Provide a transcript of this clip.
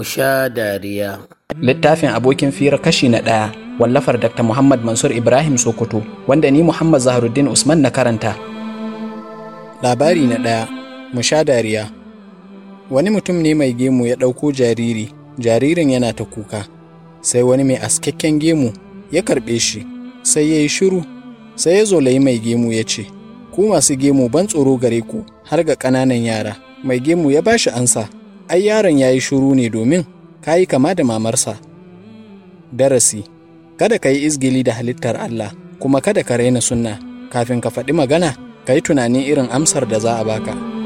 mu sha dariya. Littafin abokin fira kashi na ɗaya wallafar Dr. Muhammad Mansur Ibrahim Sokoto wanda ni Muhammad Zaharuddin Usman na karanta. Labari na ɗaya mu sha dariya. Wani mutum ne mai gemu ya ɗauko jariri, jaririn yana ta kuka. Sai wani mai askakken gemu ya karɓe shi, sai ya yi shiru, sai ya zolayi mai gemu ya ce, Ku masu gemu ban tsoro gare ku har ga ƙananan yara, mai gemu ya bashi ansa. ai yaron ya yi shuru ne domin ka yi kama da mamarsa. Darasi, kada ka yi izgili da halittar Allah, kuma kada ka raina sunna, kafin ka faɗi magana, ka yi tunanin irin amsar da za a baka.